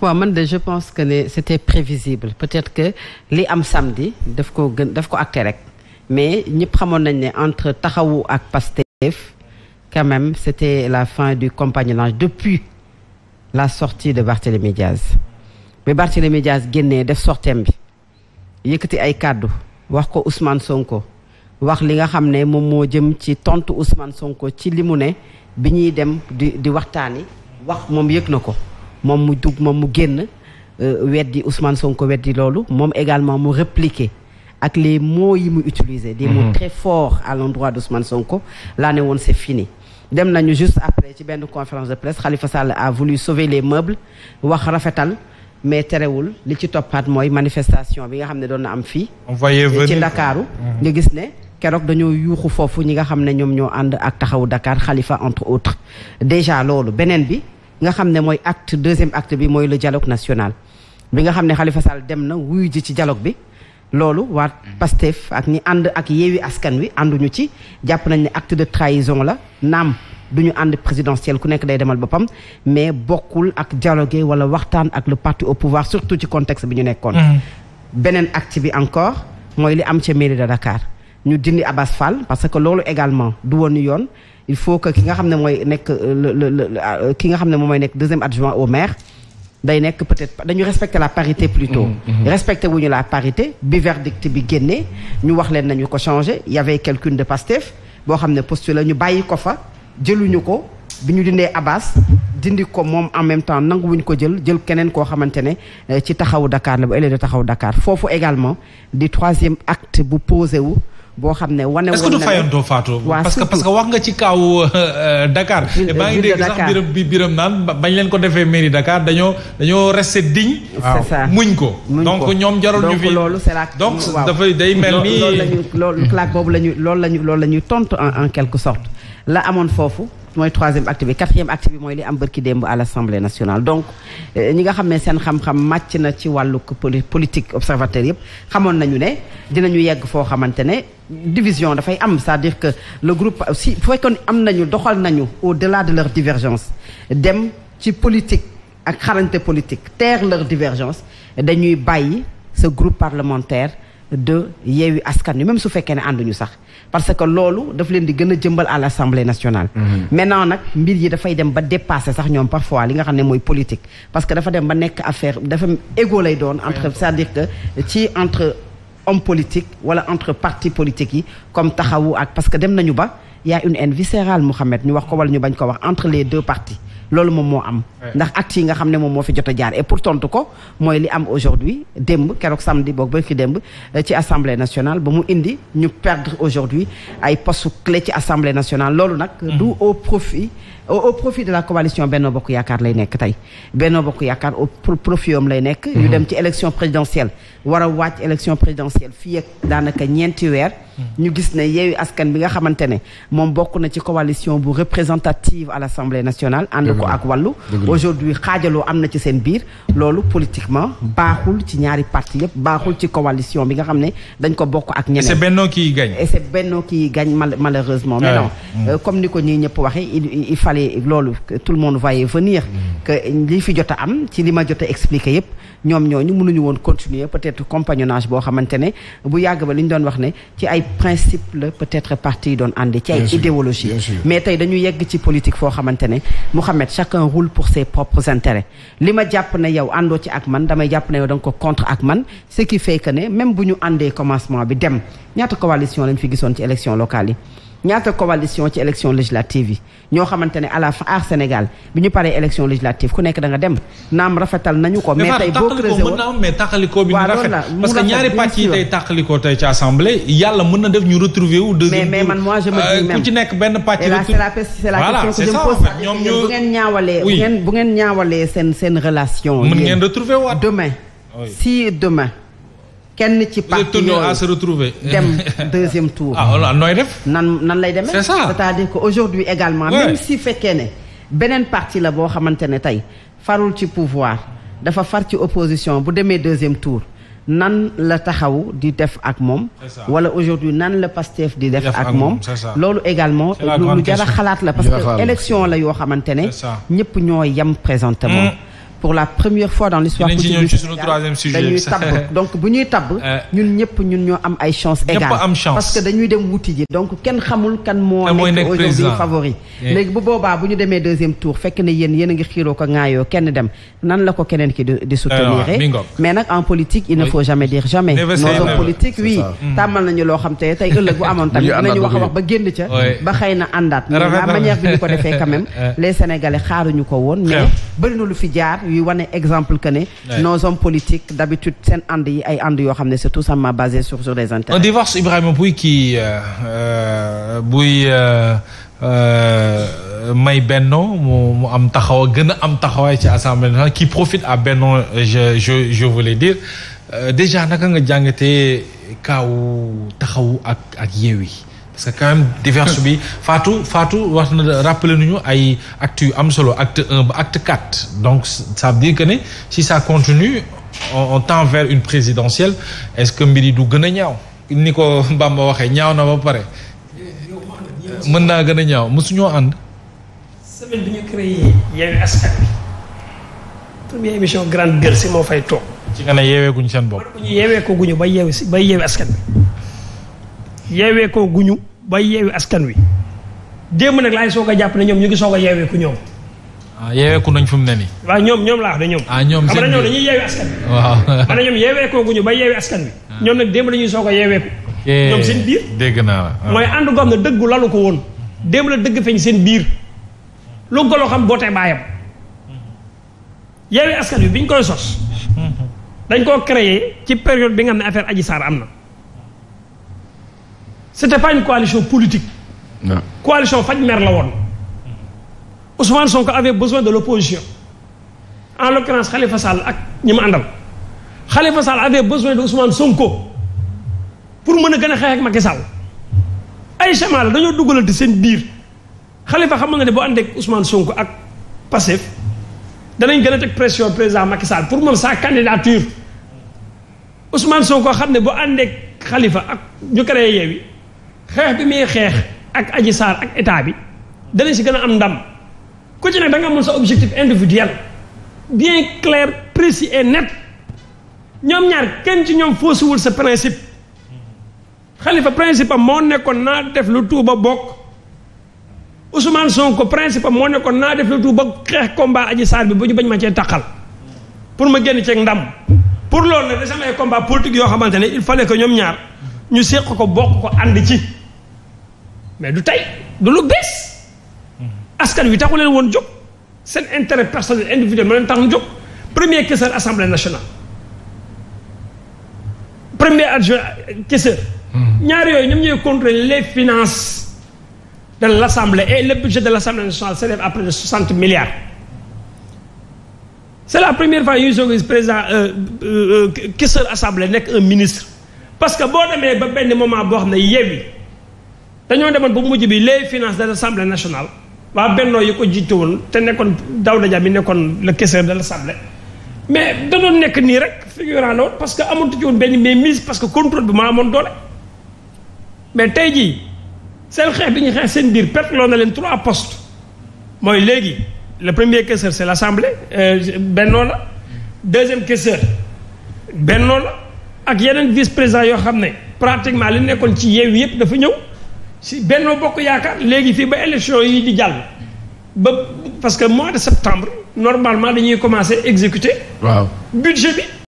waaw man de je pense que ne c'était prévisible peut-être que li am samedi daf ko gën daf ko acté rek mais ñëpp xamoon nañ ne entre taxawu ak Pastef quand même c'était la fin du compagnonnage depuis la sortie de Barthélémy Diaz mais Barthélémy Diaz génnee def sorteem bi yëkkati ay kàddu wax ko Ousmane Sonko wax li nga xam ne moom moo jëm ci tontu Ousmane Sonko ci li mu ne bi ñuy dem di di waxtaani wax moom yëg na ko moom mu dug moom mu génn euh, weddi Ousmane Sonko weddi loolu moom également mu répliquer ak les mots yi mu utiliser de mots mhm. très forts à l'endroit d'Ousmane Sonko laa ne woon c'est fini dem nañu juste après ci benn conférence de presse Khalifa Sall a voulu sauver les meubles wax rafetal mais terewul li ci toppaat mooy manifestation bi nga xam ne doon na am fii ci Ndakaaru mhm. nga gis ne keroog dañoo yuuxu foofu ñi nga xam ne ñoom ñoo ànd ak taxawu Dakar Khalifa entre autres loolu beneen bi nga xam ne mooy acte deuxième acte bi mooy le dialogue national bi nga xam ne xalifa Sall dem na wuy ji ci dialogue bi loolu waa Pastef ak ñi ànd ak yeewi askan wi ànduñu ci jàpp nañ ne acte de trahison la naam du ñu ànd présidentiel ku nekk day demal boppam mais bokkul ak dialoguer wala waxtaan ak le parti au pouvoir surtout ci contexte bi ñu nekkoon. Mm-hmm. beneen acte bi encore mooy li am ca mairie de Dakar. ñu dindi Abass Fall parce que loolu également du woon yoon il faut que ki nga xam ne mooy nekk euh, euh, ki nga xam ne mooy nekk deuxième adjoint au maire day nekk peut-être dañu respecter la parité plutôt mmh, mmh. respecter wuñu la parité bi verdict bi génnee ñu wax leen nañu ko changé y avait quelqu'un de Pastef boo xam ne postulé ñu bàyyi ko fa jëluñu ko bi ñu dindee Abass dindi ko moom en même temps nanguwuñ ko jël jël keneen koo xamante ne euh, ci taxawu Dakar la bu ëllëgee taxaw Dakar foofu également di troisième acte bu posé wu boo xam ne wane. est-ce que du fayantoo Fatou. parce que parce que wax nga ci kaaw euh, euh, Dakar. maa ngi dégg sax biram bi biram naan bañ leen ko defee mairie Dakar dañoo dañoo resté digne. c'est ça muñ ko. donc ñoom jarul ñu fi donc la. donc dafay day mel ni. loolu la ñuy claque boobu la ñuy loolu la ñuy loolu la ñuy tontu en en quelque sorte la amoon foofu. mooy troisième acte bi quatrième acte mooy li am bërki démb à l'Assemblée nationale donc euh, ñi nga xam ne seen xam-xam màcc na ci wàllu politique observateur yëpp xamoon nañu ne dinañu yegg foo xamante ne division dafay am cest dire que le groupe si bu fekkoon am nañu doxal nañu au la de leur divergence dem ci politique ak xarañte politique taire leur divergence dañuy bàyyi ce groupe parlementaire de Yewwi Askan Wi même su fekkee ne ànduñu sax parce que loolu daf leen di gën a jëmbal à l'Assemblée nationale mhm. maintenant nag mbir yi dafay dem ba dépasser sax ñoom parfois li nga xam ne mooy politique parce que dafa dem ba nekk affaire dafa égo lay doon entre cest à que ci entre homme politique wala entre parti politique yi comme taxawu ak parce que dem nañu ba y a une haine viscérale Mouhamed ñu wax ko wala ñu bañ ko wax entre les deux partis loolu moom moo am ndax actes yi nga xam ne moom moo fi jot a jaar et pour tontu ko mooy li am aujourd'hui démb keroog samedi boog ba ki démb euh, ci assemblée nationale ba mu indi ñu perdre aujourd'hui ay postes clés ci assemblée nationale loolu nag mm. du au profit au profit de la coalition Benno Bokk Yaakaar lay nekk tey Benno Bokk Yaakaar au profit am lay nekk ñu mm-hmm. dem ci élection présidentielle war a wàcc élection présidentielle fii ak daanaka ñeenti weer ñu gis ne yeewu askan bi nga xamante ne moom bokk na ci coalition bu représentative à l' assemblée nationale ànd ko ak wàllu aujourd'hui xaajaloo am na ci seen biir loolu politiquement baaxul ci ñaari parti yëpp baaxul ci coalition bi nga xam ne dañ ko bokk ak ñeneen et c'est Benno qui gagne et c'est Benno qui gagne malheureusement mais non mm. euh, comme ni ko ñii ñëpp waxee il fallait loolu tout le monde voyait venir mm. que li fi jot am ci li ma jot expliqué yëpp ñoom ñooñu mënuñu woon continuer peut-être compagnonnage boo xamante ne bu yàgg ba li ñu doon wax ne ci principe la peut-être parti yi doon ànd ci ay idéologie mais tey dañu yegg ci politique foo xamante ne Mouhamed chacun roule pour ses propres intérêts li ma jàpp ne yow àndoo ci ak man damay jàpp ne yow da ko contre ak man ce qui fait que ne même bu ñu àndee commencement bi dem ñaata coalition lañu fi gisoon ci élection locale yi ñaata coalition ci élection législative yi ñoo xamante ne à la fin aar Sénégal bi ñu paree élection législative ku nekk da nga dem naam rafetal nañu ko. mais tey boo creusé mais tàqalikoo bi. waaw rafet parce que ñaari pàcc yi tey ci assemblée yàlla mën na def ñu retrouver wu. deuxième mais mais man moi je me euh, dis ku ci nekk benn pàcc. c'est la question bu ngeen ñaawalee. bu ngeen ñaawalee seen relation. mën ngeen retrouver waat demain si demain. kenn ci parti yooyu à se dem deuxième tour. Ah, oh nooy def. nan nan lay demee. c'est ça c'est-à-dire aujourd'hui également. Ouais. si fekkee ne beneen parti la boo xamante ne tey farul ci pouvoir dafa far ci opposition bu demee deuxième tour. nan la taxaw di def ak moom wala aujourd'hui nan la Pastef di def ak moom loolu également lu jar a xalaat la parce que élection la yoo xamante ne ñëpp ñoo yem présentement mm. pour la première fois dans l'histoire politique du dañuy tabb donc bu ñuy tabb euh, ñun ñëpp ñun ñoo am ay chance égale parce que dañuy dem wuti donc kenn xamul kan moo nekk aujourd'hui favori léegi bu boobaa bu ñu demee deuxième tour fekk ne yéen yéen a ngi xiiroo ko ŋaayoo kenn dem nan la ko keneen ki di soutenir mais nag en politique il ne faut jamais dire jamais nos hommes politiques oui loo xam te tey ëllëg bu amoon tamit dinañu wax a wax ba génn ca ba xëy na àndaat mais la manière bi ñu ko defee quand même euh. ko woon yuy wane exemple que ne nos hommes politiques d'habitude seen ànd yi ay ànd yoo xam ne c'est tout simplement basé sur sur des intérêts un divorce Ibrahima euh, euh, buy kii euh, buy may Benno mu mu am taxawa gën a am taxawaay ci assemblée nationale qui profite à Benno je je je voulais dire déjà naka nga jàngatee kaaw taxaw ak ak Yewwi parce que quand diverse bi faatu Fatou wax na rappelé nañu ay actes yu am solo acte un ba acte quatre donc ça veut que ne si ça continue on, temps vers une présidentielle est-ce que mbir yi du gën a ñaaw ni ko Bamba waxee ñaaw na ba pare mën naa gën a ñaaw mosuñoo ànd semaine bi ñu créé Yewwi Askan moo fay toog ci nga ne yeeweeguñ seen bopp yeewee ko guñu ba yeewi si ba yeewi askan bi yeewee ko guñu ba yeewi askan wi démb nag laay soog a jàpp ne ñoom ñu ngi soog a yeewee ku ñoom. Ah, yeewee ku nañ fu mu ne nii. waaw ñoom ñoom laa wax ne ñoom. ah ñoom seen xam nga dañuy yeewi askan wi. ba yeewi ah. dañuy soog a yeewee dégg naa la. lalu ko woon. démb la seen biir lu xam bootee baayam yeewee biñ koy sos. Hmm. dañ koo créé ci période bi nga xam ne affaire Adji Sarr am na. c'était pas une coalition politique. Non. coalition faj mer la woon Ousmane Sonko avait besoin de l'opposition en l'occurrence Khalifa Sall ak ñi mu àndal Khalifa Sall avait besoin de Ousmane Sonko pour mën a gën a xeex ak Macky Sall ay chemin la dañoo dugalante seen biir Khalifa xam na ne boo àndee ak Ousmane Sonko ak Pastef danañ gën a teg pression président Macky Sall pour moom sa candidature Ousmane Sonko xam ne boo àndee ak Khalifa ak ñu créé Yewwi xeex bi muy xeex ak Adji saar ak état bi dana si gën a am ndam ku ci ne da nga amul sa objectif individuel bien clair précis et net ñoom ñaar kenn ci ñoom faussiwul sa principe Khalifa principe am moo nekkoon naa def lu ba bokk Ousmane son principe am moo nekkoon naa def lu Touba xeex combat Adji Sarr bi ba ñu bañ ma cee taqal pour ma génn ceeg ndam pour loolu nag dafa am ay combat politique yoo xamante ne il fallait que ñoom ñaar ñu séq ko bokk ko ànd ci mais du tey du lu bees askan wi taxu leen woon jóg seen intérêt personnel individuel ma leen taxoon jóg premier questeur assemblée national premier adjoint questeur hmm. ñaari yooyu ñoom ñooy contrôler les finance de l' assemblée et le budget de l' assemblée nationale s'élève à de soixante milliards c' est la première fois yuy soog président euh, euh, euh, questeur assemblée nekk un ministre parce que boo demee ba benn moment boo xam ne Yewwi dañoo demoon ba mujj bi les finances de l' assemblée nationale waa bennoo yi ko jiite woon te nekkoon Daouda Dia bi nekkoon le caissier de l' assemblée mais da doon nekk nii rek figurant la woon parce que amatu ci woon benn mais mis parce que contrôle bi maa amoon doole mais tey jii seen xeex bi ñu xeex seen biir perte na leen trois post mooy léegi le premier caissier c' est l' assemblée euh, bennoo la deuxième caissier bennoo la ak yeneen vice président yoo xam ne pratiquement li nekkoon ci yeew yëpp dafa ñëw si benn Bokk Yaakaar léegi fii ba élection yi di jàll ba parce que mois de septembre normalement dañuy commencer exécuter waaw budget bi